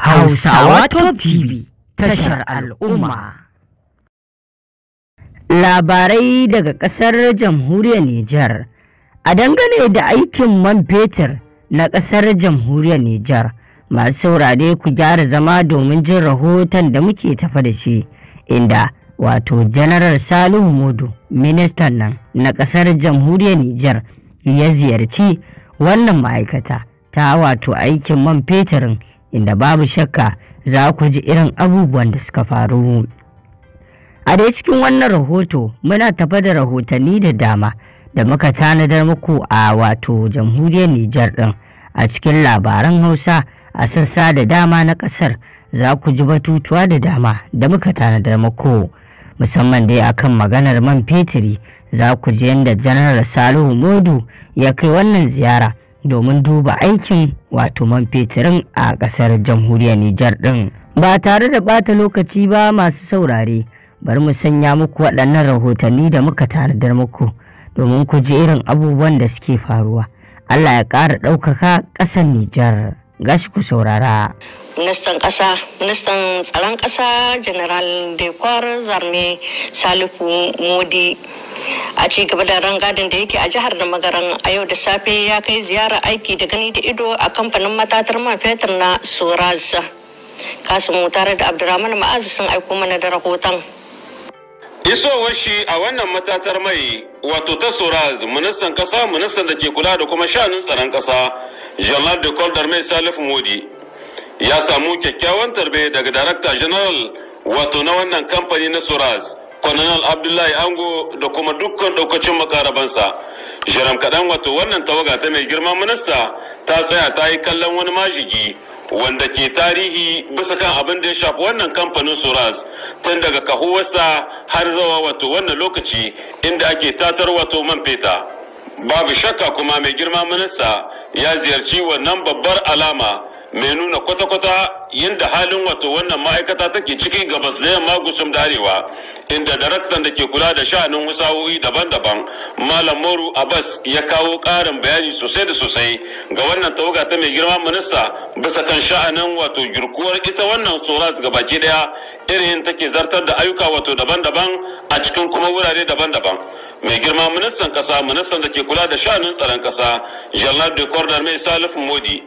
Hausawa Top TV tashar al'umma. Labarai daga ƙasar jamhuriyar Nijar. A dangane da aikin man fetur na ƙasar jamhuriyar Nijar, masu saurare ku gyara zama domin jin rahoton da muke tafa da shi, inda wato Janaral Salihu Modu, ministan nan na ƙasar jamhuriyar Nijar, ya ziyarci wannan ma'aikata ta wato aikin man fetur. inda babu shakka za ku ji irin abubuwan da suka faru. A dai cikin wannan rahoto muna tafa da rahotanni da dama da muka tanadar muku a wato jamhuriyar Nijar ɗin a cikin labaran Hausa a sassa da dama na ƙasar za ku ji batutuwa da dama da muka tanadar muku musamman dai akan maganar man fetiri za ku ji yadda janar Salihu Modu ya kai wannan ziyara domin duba aikin wato man fetirin a ƙasar jamhuriyar Nijar ɗin. Ba tare da ɓata lokaci ba masu saurare, bari mu sanya muku waɗannan rahotanni da muka tanadar muku domin ku ji irin abubuwan da suke faruwa. Allah ya ƙara ɗaukaka ƙasar Nijar. gashi ku saurara. Ministan ƙasa, ministan tsaron ƙasa General Dekor Zarme Salifu Modi a ci gaba da rangadin da yake a jihar da magaran a yau da safe ya kai ziyara aiki da gani da ido a kamfanin matatar man fetur na Soraz. Kasimu tare da Abdurrahman Ma'azu sun aiko mana da rahoton. Isowar shi a wannan matatar mai wato ta Soraz ministan kasa ministan da ke kula da kuma shanun tsaron kasa General de Coldar Mai Salif Modi ya samu kyakkyawan tarbe daga darakta General wato na wannan kamfani na Soraz Colonel Abdullahi Ango da kuma dukkan daukacin makarabansa Jaram kaɗan wato wannan tawaga ta mai girma minista ta tsaya ta yi kallon wani mashigi wanda ke tarihi bisa kan abin da ya shafi wannan kamfanin suraz tun daga kahuwarsa har zawa wato wannan lokaci inda ake tatar wato man feta babu shakka kuma mai girma minista ya ziyarci wannan babbar alama mai nuna kwata-kwata yadda halin wato wannan ma'aikata take ciki gabas da yamma gusum da inda daraktan da ke kula da sha'anin husawoyi daban-daban malam moru abbas ya kawo karin bayani sosai da sosai ga wannan tawaga ta mai girma minista bisa kan sha'anin wato girkuwar ita wannan tsorat ga baki daya irin take zartar da ayyuka wato daban-daban a cikin kuma wurare daban-daban mai girma ministan kasa ministan da ke kula da sha'anin tsaron kasa jalnar de mai salif modi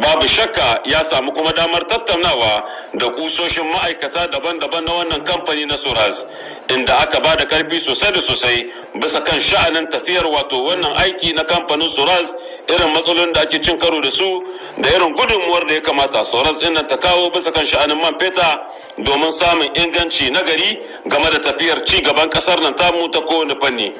babu shakka ya samu kuma damar tattaunawa da kusoshin ma'aikata daban-daban na wannan kamfani na SORAS inda aka ba da karfi sosai da sosai bisa kan sha'anin tafiyar wato wannan aiki na kamfanin SORAS irin matsalolin da ake cin karo da su da irin gudunmuwar da ya kamata SORAS ɗin ta kawo bisa kan sha'anin man feta domin samun inganci na gari game da tafiyar ci gaban kasar nan tamu ta kowane fanni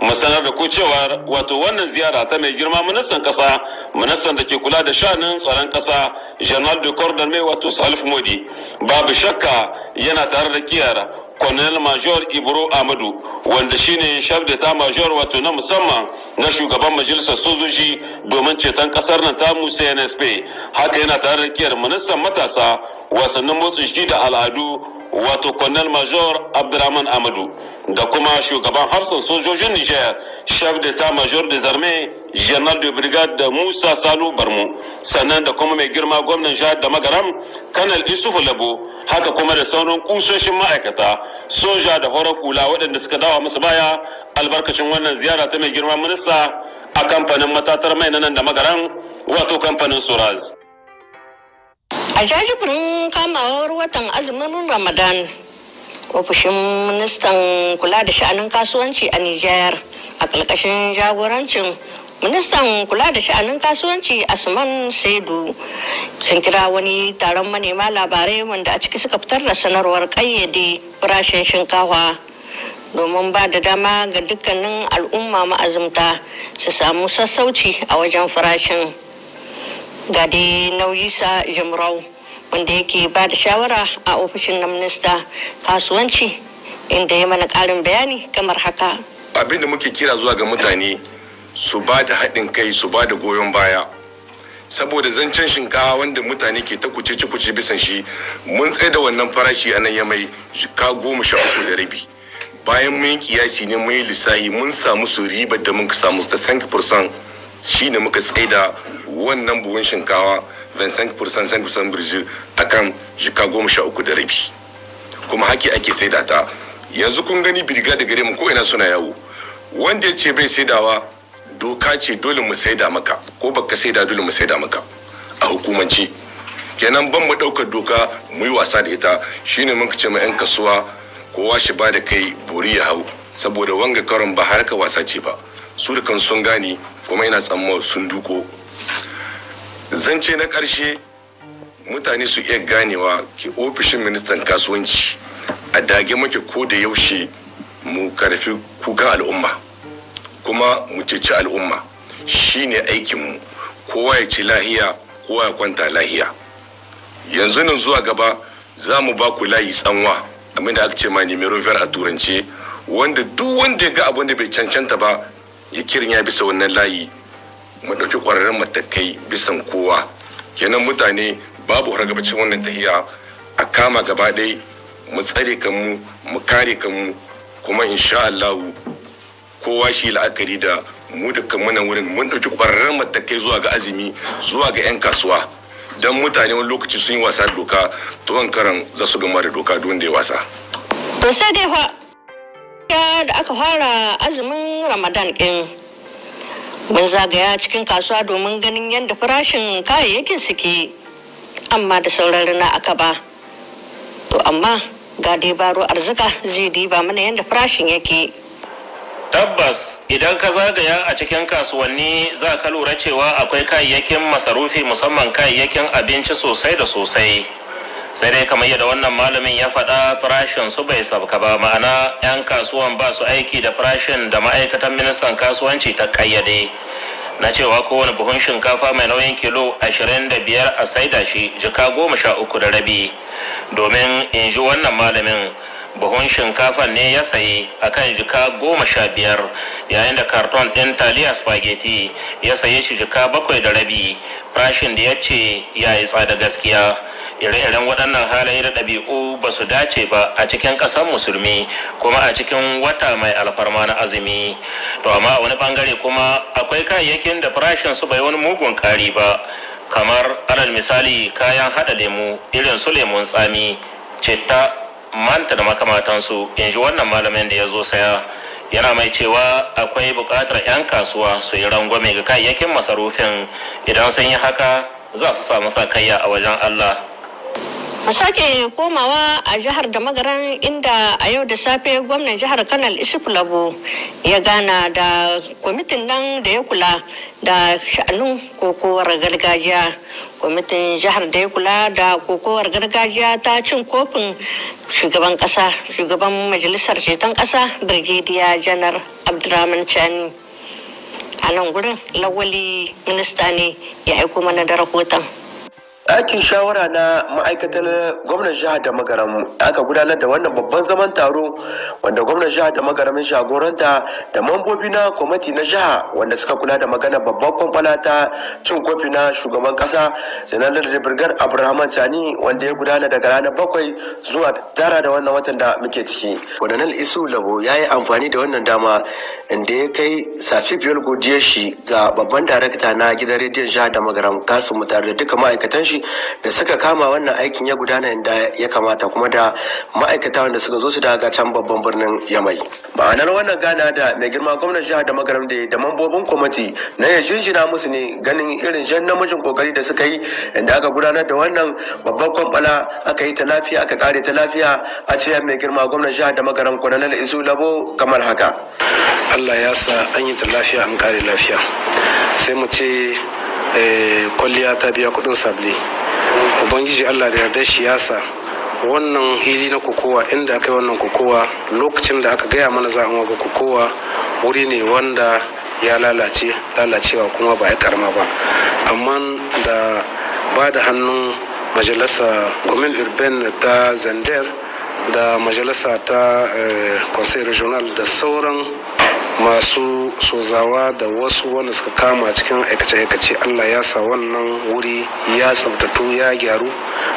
mu sanar da ku cewa wato wannan ziyara ta mai girma ministan ƙasa ministan da ke kula da sha'anin tsaron ƙasa general de cordon mai wato salif modi babu shakka yana tare da kiyar colonel major ibro amadu wanda shine chef d'etat major wato na musamman na shugaban majalisar sojoji domin ceton kasar nan musa nsp haka yana tare da kiyar ministan matasa wasannin motsa jiki da al'adu wato colonel major abdurrahman amadu da kuma shugaban hafsan sojojin niger chef d'etat major de armées janar da brigade musa salu barmu sannan da kuma mai girma gwamnan jihar da magaram kanal isufu labo haka kuma da sauran kusoshin ma'aikata soja da horar kula waɗanda suka dawa musu baya albarkacin wannan ziyara ta mai girma minista a kamfanin matatar mai nan da magaran wato kamfanin suraz a jajibin kamawar watan azumin ramadan ofishin ministan kula da sha'anin kasuwanci a nijar a ƙarƙashin jagorancin ministan kula da sha'anin kasuwanci asman saidu sun kira wani taron manema labarai wanda a ciki suka fitar da sanarwar kayyade farashin shinkawa domin ba da dama ga dukkanin al'umma ma'azumta su samu sassauci a wajen farashin gade nauyisa jimrau wanda yake ba da shawara a ofishin na minista kasuwanci inda ya mana ƙarin bayani kamar haka Abinda muke kira zuwa ga mutane su ba da haɗin kai su ba da goyon baya saboda zancen shinkawa wanda mutane ke ta kuce kuce bisan shi mun tsaye da wannan farashi a nan ya mai ka goma sha uku da rabi bayan mun yi kiyasi ne mun yi lissahi mun samu su riba da mun samu ta sanki fursan shi ne muka tsaye da wannan buhun shinkawa zan sanki fursan sanki fursan birjil a kan jika goma sha uku da rabi kuma haki ake saida ta yanzu kun gani birga da gare mu ko ina suna yawo wanda ya ce bai saidawa doka ce dole mu saida maka ko baka saida dole mu saida maka a hukumanci kenan ban mu ɗaukar doka mu yi wasa da ita shine muka ce ma 'yan kasuwa kowa shi ba da kai bori ya hau saboda wanga karon ba harka wasa ce ba su da kan sun gane kuma ina tsammar sun duko zance na karshe mutane su iya ganewa ke ofishin ministan kasuwanci a dage muke ko da yaushe mu karfi kukan al'umma kuma mu ceci al'umma shi ne aikinmu kowa ya ci lahiya kowa ya kwanta lahiya yanzu nan zuwa gaba za mu ba ku layi tsanwa abinda da aka ce ma numero a turance wanda duk wanda ya ga abin da bai cancanta ba ya kirin ya bisa wannan layi mu ɗauki ƙwararren matakai bisan kowa kenan mutane babu hargabacin wannan tahiya a kama gaba ɗai mu tsare kanmu mu kare kanmu kuma insha Allahu kowa shi la'akari da mu da wurin mun ɗauki ƙwararren matakai zuwa ga azumi zuwa ga 'yan kasuwa don mutane wani lokaci sun yi wasa da doka to an karan za su gama da doka don da ya wasa. to sai dai fa da aka fara azumin ramadan ɗin mun zagaya cikin kasuwa domin ganin yadda farashin kayayyakin suke amma da sauran rana aka ba to amma ga dai baro arzika zai diba mana yadda farashin yake tabbas idan ka zagaya a cikin kasuwanni za ka lura cewa akwai kayayyakin masarufi musamman kayayyakin abinci sosai da sosai sai dai kamar yadda wannan malamin ya faɗa farashin su bai sabka ba ma'ana 'yan kasuwan ba su aiki da farashin da ma'aikatan ministan kasuwanci ta ƙayyade na cewa kowane buhun shinkafa mai nauyin kilo 25 a saida shi jika goma sha uku da rabi domin in ji wannan malamin buhun shinkafa ne ya sayi a kan jika goma sha biyar yayin da karton ɗin taliya spaghetti ya sayi shi jika bakwai da rabi farashin da ya ce ya yi tsada gaskiya ire-iren waɗannan halaye da ɗabi'u ba su dace ba a cikin ƙasar musulmi kuma a cikin wata mai alfarma na azumi to amma a wani ɓangare kuma akwai kayayyakin da farashin su bai wani mugun ƙari ba kamar alal misali kayan haɗa lemu irin su lemun tsami citta manta da makamatansu in ji wannan malamin da ya zo saya yana mai cewa akwai buƙatar 'yan kasuwa su yi rangwame ga kayayyakin masarufin idan sun yi haka za su samu sa kayya a wajen allah a sake komawa a jihar da magaran inda a yau da safe gwamnan jihar kanal isuf labo ya gana da kwamitin nan da ya kula da sha'anin kokowar gargajiya kwamitin jihar da ya kula da kokowar gargajiya ta cin kofin shugaban kasa shugaban majalisar ceton kasa birgidiya janar abdulrahman chani a nan gurin lawali minista ne ya aiko mana da rahoton aikin shawara na ma'aikatar gwamnan jihar da magaram aka gudanar da wannan babban zaman taro wanda gwamnan jihar da magaramin jagoranta da mambobi na kwamiti na jiha wanda suka kula da magana babban kwamfala ta cin kofi na shugaban kasa janar da birgar abrahaman cani wanda ya gudana daga ranar bakwai zuwa tara da wannan watan da muke ciki wadannan isu labo ya yi amfani da wannan dama inda ya kai safi biyar godiya shi ga babban darakta na gidan rediyon jihar da magaram kasu mutare da duka ma'aikatan shi shi da suka kama wannan aikin ya gudana inda ya kamata kuma da ma'aikata wanda suka zo su daga can babban birnin yamai ma'anar wannan gana da mai girma gwamnan jihar da magaram da da mambobin kwamiti na ya jinjina musu ne ganin irin jan namijin kokari da suka yi inda aka gudanar da wannan babban kwamfala aka yi ta lafiya aka kare ta lafiya a ce mai girma gwamnan jihar da magaram kwanan isu labo kamar haka Allah ya sa an yi ta lafiya an kare lafiya sai mu ce Eh, kwalliya ta biya kudin sabli ubangiji allah da yarda siyasa wannan hili na kokowa inda aka yi wannan kokowa lokacin da aka gaya mana za a waga kokowa wuri ne wanda ya lalace lalacewa kuma ba ya karama ba amma da ba da hannun majalisa gomin urban ta zander da majalisa ta eh, conseil regional da sauran masu sozawa da wasu wanda suka kama cikin aikace-aikace allah ya sa wannan wuri ya tsabtatu ya gyaru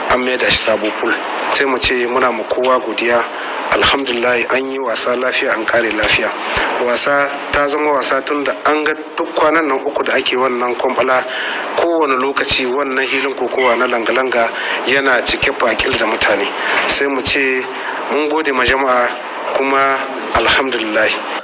an mai da shi sabo pul sai mu ce muna mu kowa godiya alhamdulillah an yi wasa lafiya an kare lafiya wasa ta zama wasa tun da an ga duk kwanan nan uku da ake wannan kwamfala kowane lokaci wannan hilin kokowa na langa-langa yana cike bakil da mutane sai mu ce mun gode ma jama'a kuma alhamdulillah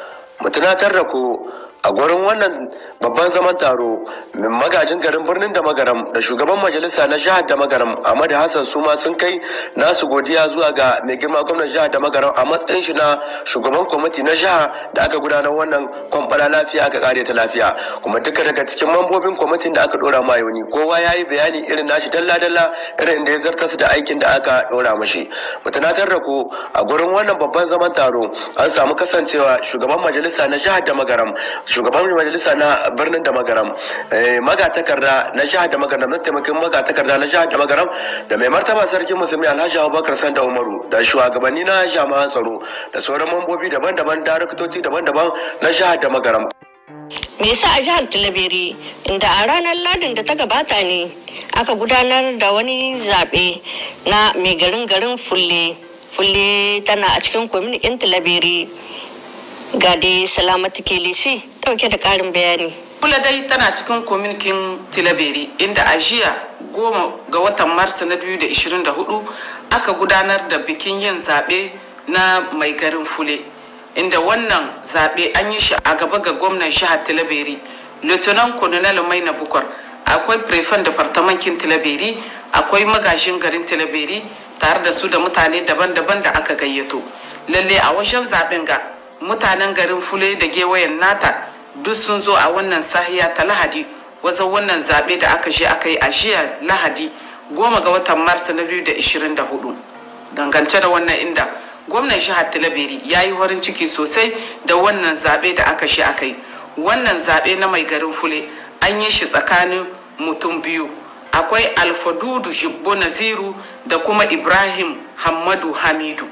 متناتركو تركوا a gurin wannan babban zaman taro magajin garin birnin da magaram da shugaban majalisa na jihar da magaram ahmad hassan su sun kai nasu godiya zuwa ga mai girma gwamnan jihar da magaram a matsayin shi na shugaban kwamiti na jihar da aka gudanar wannan kwamfala lafiya aka kare ta lafiya kuma duka daga cikin mambobin kwamitin da aka dora ma yauni kowa ya yi bayani irin nashi dalla dalla irin da ya zartas da aikin da aka dora mashi mu tunatar da ku a gurin wannan babban zaman taro an samu kasancewa shugaban majalisa na jihar da magaram shugaban majalisa na birnin da magaram eh, magatakarda na jihar da magaram na taimakin magatakarda na jihar da magaram da mai martaba sarkin musulmi alhaji abubakar sanda umaru da shugabanni na jami'an tsaro da sauran mambobi daban-daban rikitoci daban-daban na jihar da magaram me yasa a jihar talabiri inda a ranar ladin da ta gabata ne aka gudanar da wani zaɓe na mai garin garin fulle fulle tana a cikin kwamin yan ga dai salamatu ke kelisi dauke da karin bayani kula dai tana cikin kwamitin tilaberi inda a jiya goma ga watan mars na biyu da aka gudanar da bikin yin zaɓe na mai garin fule inda wannan zaɓe an yi shi a gaba ga gwamnan shaha tilaberi lieutenant colonel maina bukwar akwai prefan departamentin tilaberi akwai magashin garin tilaberi tare da su da mutane daban-daban da aka gayyato lalle a wajen zaɓen ga mutanen garin fule da gewayen nata duk sun zo a wannan sahiya ta lahadi wajen wannan zaɓe da aka je aka yi a jiya lahadi goma ga watan mars na biyu da ishirin da hudu dangance da wannan inda gwamnan jihar talabiri ya yi warin ciki sosai da wannan zaɓe da aka shi aka yi wannan zaɓe na mai garin fule an yi shi tsakanin mutum biyu akwai alfadudu jibbo naziru da kuma ibrahim hamadu hamidu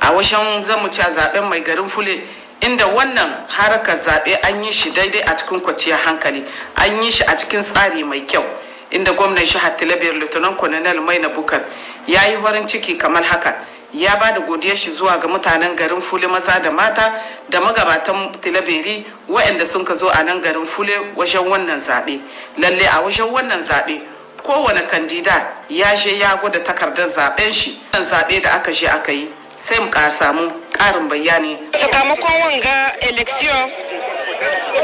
a washen zamuci a zaɓen mai garin fule inda wannan harkar zaɓe an yi shi daidai a cikin kwanciyar hankali an yi shi a cikin tsari mai kyau inda gwamnan jihar talabiyar kwanonel mai na bukar ya yi warin ciki kamar haka ya ba da godiyar shi zuwa ga mutanen garin fule maza da mata da magabatan tilaberi waɗanda sun ka zo a nan garin fule wajen wannan zaɓe lalle a wajen wannan zaɓe kowane kandida ya je ya gwada takardar zaɓen shi zaɓe da aka je aka yi sai mu ka samu ƙarin bayani sakamakon wanga election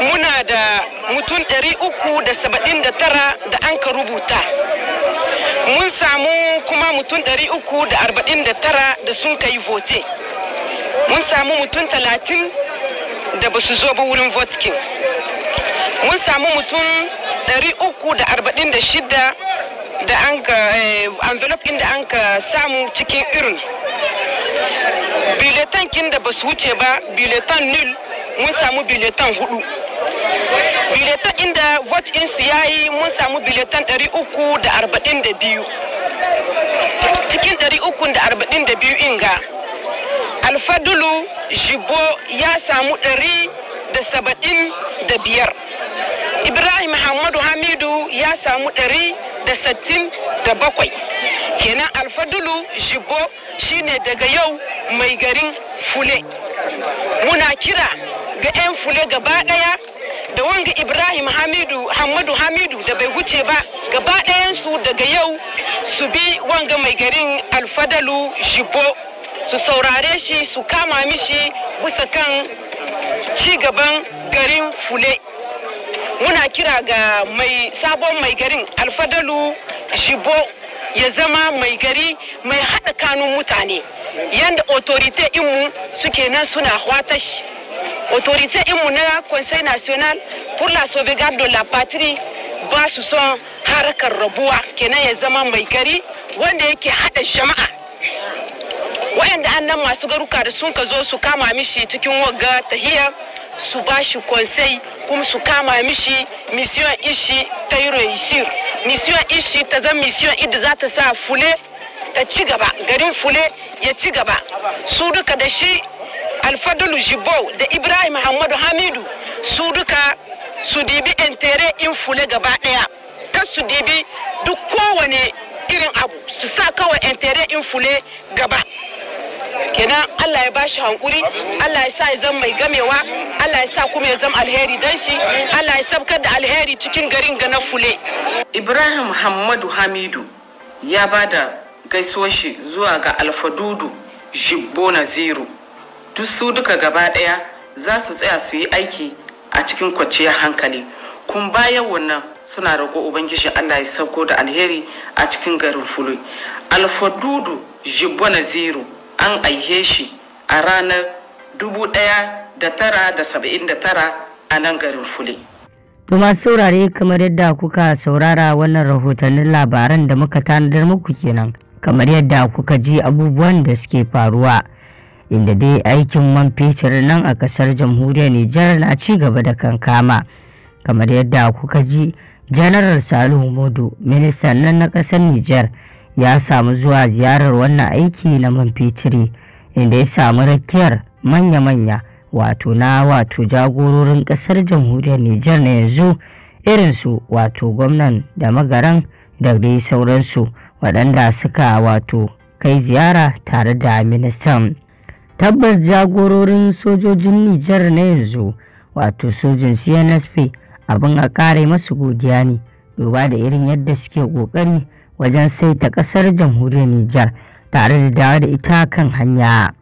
muna da mutum 379 da an ka rubuta mun samu kuma mutum 349 da sun ka yi vote mun samu mutum 30 da ba su zo ba wurin votkin mun samu mutum 346 da an ka eh, envelope da an ka samu cikin irin biletan kin da ba su wuce ba biletan nil mun samu biletan hudu biletan inda vote in su yi mun samu biletan 342 cikin 342 inga alfadulu jibo ya samu 175 ibrahim hamadu hamidu ya samu ɗari da sittin da bakwai kenan alfadulu jibo shine daga yau mai garin fule muna kira ga 'yan fule gaba ɗaya da wanga ibrahim hamidu hamadu hamidu da bai wuce ba gaba ɗayansu daga yau su bi wanga mai garin alfadalu jibo su saurare shi su kama mishi bisa kan ci gaban garin fule muna kira ga mai sabon mai garin alfadalu shibo ya zama mai gari mai haɗa kanun mutane yadda otorite inmu suke nan suna watash otorite inmu na conseil national pour la sauvegarde la patrie ba su son harkar rabuwa kenan ya zama mai gari wanda yake haɗa jama'a wayanda an nan masu garuka da sun ka zo su kama mishi cikin wagga tahiya su ba shi konsai kuma su kama mishi misiyon ishi ta yi reishir mission ishi ta zan misiyon idda za ta sa fule ta ci gaba garin fule ya ci gaba su duka da shi alfadulu jibo da ibrahim hamadu hamidu su duka su dibi entere in fule gaba daya kas su dibi duk kowane irin abu su sa kawai entere in fule gaba kenan Allah ya bashi hankuri Allah ya sa ya zama mai gamewa Allah ya sa kuma ya zama alheri dan shi Allah ya sabkar da alheri cikin garin ga na fule Ibrahim Muhammadu Hamidu ya bada gaisuwar shi zuwa ga Alfadudu Jibbo Naziru duk su duka gaba daya za su tsaya su yi aiki a cikin kwanciyar hankali kun bayan wannan suna roƙo ubangiji Allah ya sauko da alheri a cikin garin fulu alfadudu jibbo naziru an aihe shi a ranar 1979 a nan garin fule. masu saurare kamar yadda kuka saurara wannan rahotannin labaran da muka tanadar muku kenan kamar yadda kuka ji abubuwan da suke faruwa inda dai aikin man fetur nan a kasar jamhuriyar Nijar na ci gaba da kankama kamar yadda kuka ji janaral Salihu Modu ministan nan na kasar Nijar. ya samu zuwa ziyarar wannan aiki na man fitiri inda ya samu rakiyar manya-manya wato na wato jagororin kasar jamhuriyar Nijar na yanzu irinsu wato gwamnan da magaran da dai sauransu waɗanda suka wato kai ziyara tare da ministan tabbas jagororin sojojin Nijar na yanzu wato sojin CNSP abin a kare masu godiya ne duba da irin yadda suke ƙoƙari wajen saita ƙasar jamhuriyar Nijar tare da dawo da ita kan hanya.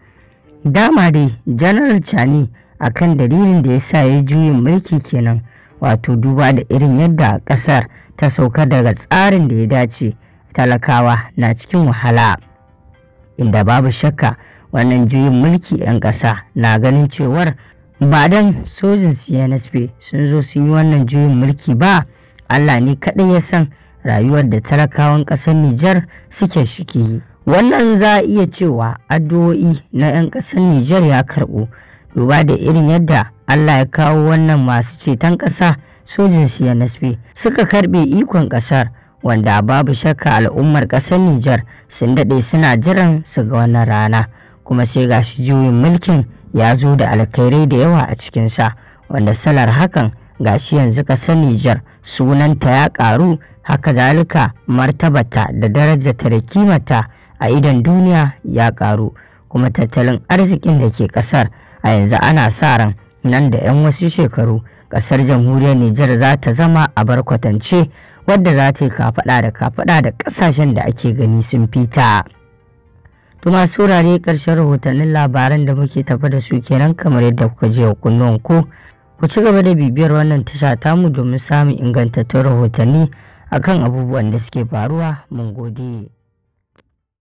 Dama dai janar Chani a kan dalilin da ya sa ya juyin mulki kenan wato duba da irin yadda ƙasar ta sauka daga tsarin da ya dace talakawa na cikin wahala. Inda babu shakka wannan juyin mulki 'yan ƙasa na ganin cewar ba dan sojin CNSP sun zo sun yi wannan juyin mulki ba Allah ne kaɗai ya san rayuwar da talakawan ƙasar Nijar suke shiki. Wannan za a iya cewa addu'o'i na 'yan ƙasar Nijar ya karɓo, duba da irin yadda Allah ya kawo wannan masu ceton ƙasa sojin CNSP suka karɓe ikon ƙasar wanda babu shakka al'ummar ƙasar Nijar sun daɗe suna jiran su ga wannan rana kuma sai ga shi juyin mulkin ya zo da alkhairai da yawa a cikinsa wanda salar hakan ga shi yanzu ƙasar Nijar sunanta ya ƙaru haka zalika martabata da darajata da kimata a idan duniya ya ƙaru kuma tattalin arzikin da ke ƙasar a yanzu ana sa ran nan da 'yan wasu shekaru ƙasar jamhuriyar Nijar za ta zama a barkwatance wadda za ta yi kafaɗa da kafaɗa da ƙasashen da ake gani sun fita. Tuma saurare ƙarshen rahotannin labaran da muke tafa da su kenan kamar yadda kuka je kunnuwan ku. Ku ci gaba da bibiyar wannan tasha tamu domin samun ingantattun rahotanni akan abubuwan da suke faruwa. Mun gode.